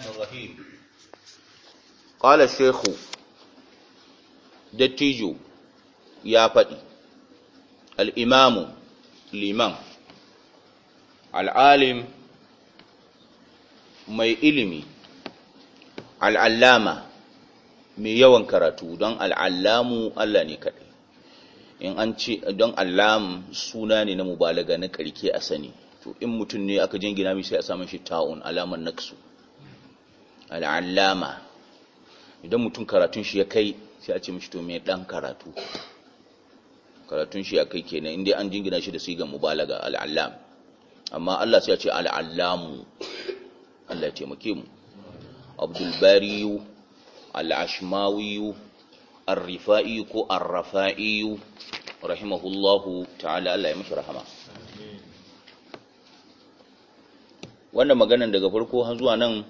الرحمن الرحيم قال الشيخ dattijo ya faɗi al'imamu liman al'alim mai ilimi al'allama mai yawan karatu don al'allamu Allah ne kaɗai in an ce don allam suna ne na mubalaga na ƙarke a sani to in mutum ne aka jingina mai sai a samun shi ta'un alamar naksu al'allama idan mutum karatun shi ya kai sai a ce mishi to mai dan karatu karatun shi ya kai kenan inda an jingina shi da sigan mubalaga al'allam amma Allah sai ya ce al'allamu Allah ya taimake mu Abdul Bariyu al ko arrafa'iyu rahimahullahu ta'ala Allah ya mashi rahama wannan maganan daga farko har zuwa nan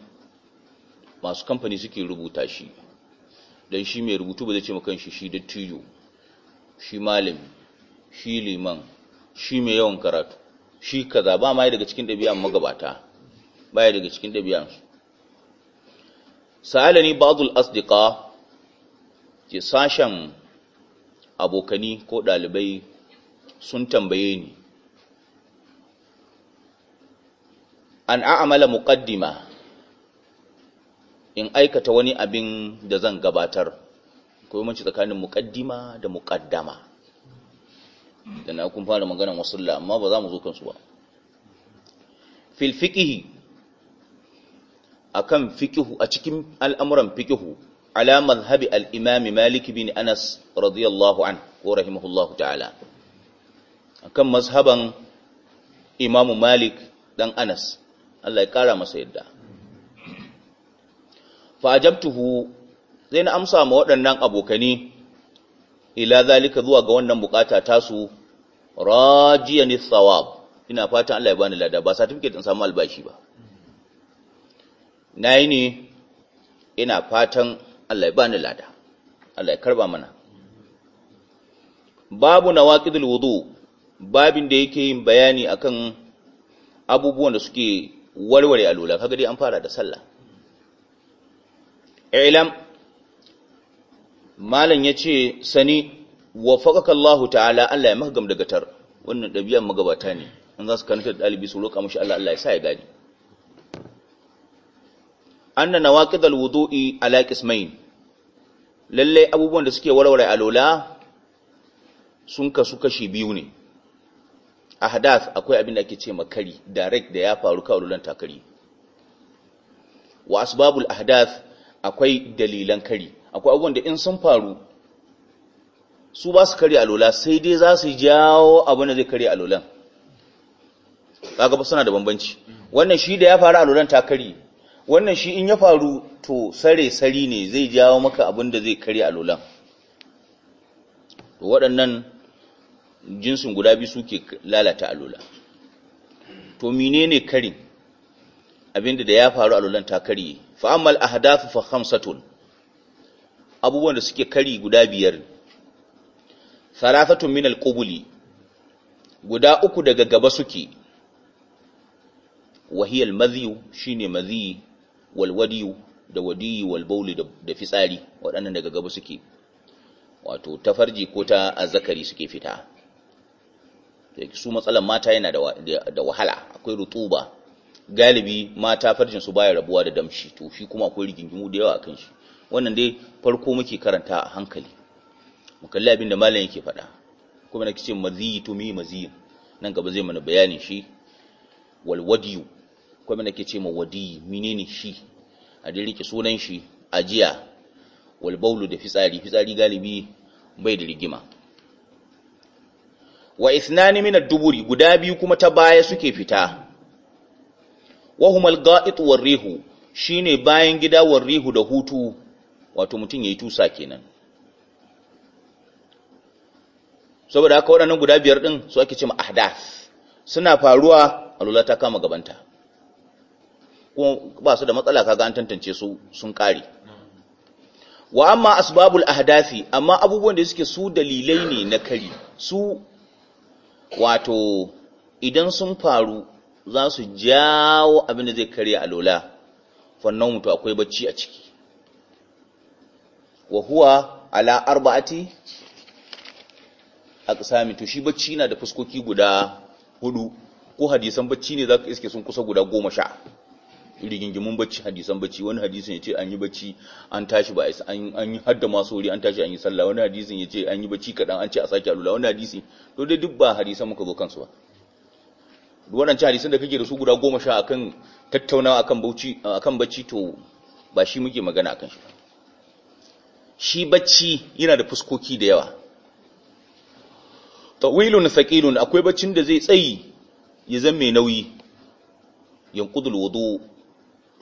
masu kamfani suke rubuta shi don shi mai rubutu ba zai ce makan shi shi dattijo shi malami shi liman shi mai yawan karatu shi kaza ba ma daga cikin ɗabi'an magabata ba ya daga cikin ɗabi'an su sa'alani ba'dul asdiqa ke sashen abokani ko ɗalibai sun tambaye ni an a'amala muqaddima in aikata wani abin da zan gabatar ko mace tsakanin muqaddima da muqaddama da na kun fara maganar wasulla amma ba za mu zo kansu ba fil fiqhi akan fiqhu a cikin al'amuran fiqhu ala madhhabi al-imam malik bin anas radiyallahu an ko rahimahullahu ta'ala akan mazhaban imam malik dan anas Allah ya kara masa yadda fajabtuhu sai na amsa ma waɗannan abokani ila zalika zuwa ga wannan bukata tasu rajiyani tsawab. ina fatan Allah ya bani lada ba certificate din samu albashi ba nayi ne ina fatan Allah ya bani lada Allah ya karba mana babu nawaqidul wudu babin da yake yin bayani akan abubuwan da suke warware alula kaga dai an fara da sallah ilam malam ya ce sani wafakaka Allah ta'ala Allah ya maka gam da tar wannan ɗabi'an magabata ne an za su kanata da ɗalibi su roƙa mashi Allah Allah ya sa ya gani anna nawaqid alwudu'i ala qismain lalle abubuwan da suke warware alola sun kasu kashi biyu ne ahdath akwai abin da ake ce makari direct da ya faru ka alolan takari wa asbabul ahdath akwai dalilan kari akwai abubuwan da in sun faru su ba su kari alola sai dai za su jawo abin da zai kari alolan kaga ba suna da bambanci wannan shi da ya faru alolan ta kari wannan shi in ya faru to sare sari ne zai jawo maka abin da zai kari alolan to waɗannan jinsin guda biyu suke lalata alola to mine ne karin abinda da ya faru a ta karye Fa'amal a ahdathu fa abubuwan da suke kari guda biyar Sarafatun minal ƙubuli guda uku daga gaba suke maziyu shi shine madhi walwadiyu da wadiyu walbauli da fitsari waɗannan daga gaba suke wato ta farji ko ta azzakari suke fita su matsalan mata yana da wahala akwai rutuba galibi mata farjin su baya rabuwa da damshi to shi kuma akwai rigingimu da yawa kan shi wannan dai farko muke karanta a hankali mu kalli abin da malam yake faɗa kuma na kice maziyi to mi maziyi nan gaba zai mana bayani shi wal wadiyu kuma na kice ma wadiyi menene shi a dai rike sunan shi ajiya wal baulu da fitsari fitsari galibi bai da rigima wa ithnani min ad-duburi guda biyu kuma ta baya suke fita wahumal ga'it war rihu shine bayan gida war rihu da hutu wato mutum yayi tusa kenan saboda haka wadannan guda biyar din su ake cewa ahdath suna faruwa alula ta kama gabanta kuma ba su da matsala kaga an tantance su sun kare wa amma asbabul ahdathi amma abubuwan da suke su dalilai ne na kari su wato idan sun faru za su jawo abin da zai karya lola fannan mutu akwai bacci a ciki wa huwa ala arba'ati aqsami to shi bacci na da fuskoki guda hudu ko hadisan bacci ne za ka iske sun kusa guda goma sha rigingimin bacci hadisan bacci wani hadisun ya ce an yi bacci an tashi ba an yi hadda masu wuri an tashi an yi sallah wani hadisun ya ce an yi bacci kaɗan an ce a sake alula wani hadisi to dai duk ba hadisan muka zo kansu ba waɗancan hadisan da kake da su guda goma sha akan tattaunawa akan bacci to ba shi muke magana akan shi shi bacci yana da fuskoki da yawa tawilun thaqilun akwai baccin da zai tsayi ya zama mai nauyi yanqudul wudu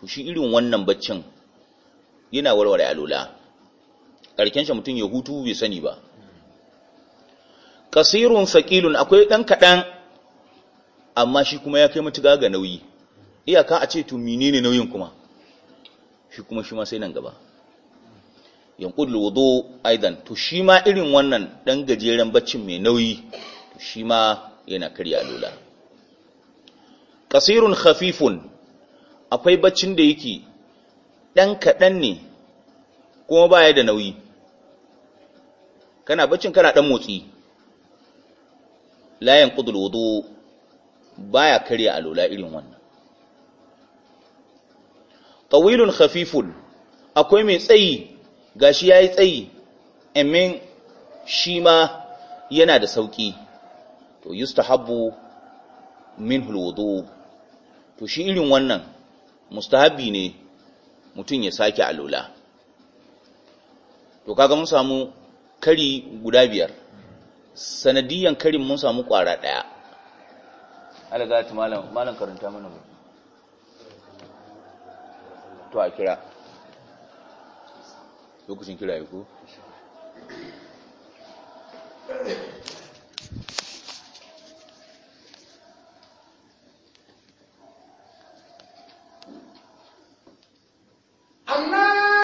to shi irin wannan baccin yana warware alula karken shi mutum ya hutu bai sani ba kasirun thaqilun akwai ɗan kaɗan. amma shi kuma ya kai matuƙa ga nauyi iyaka a ce to menene nauyin kuma shi kuma shi ma sai nan gaba yanqul wudu aidan to shi ma irin wannan dan gajeren baccin mai nauyi to shi ma yana karya lola kasirun hafifun akwai baccin da yake dan kaɗan ne kuma baya da nauyi kana baccin kana dan motsi la yanqudul wudu baya karya alola irin wannan tawilun khafifun akwai mai tsayi gashi yayi tsayi amin shi ma yana da sauki to yustahabu minhu alwudu to shi irin wannan mustahabi ne mutum ya sake alola to kaga mun samu kari guda biyar sanadiyan karin mun samu kwara daya alaga ta malam malam karanta mana mu to a kira lokacin kira ya ko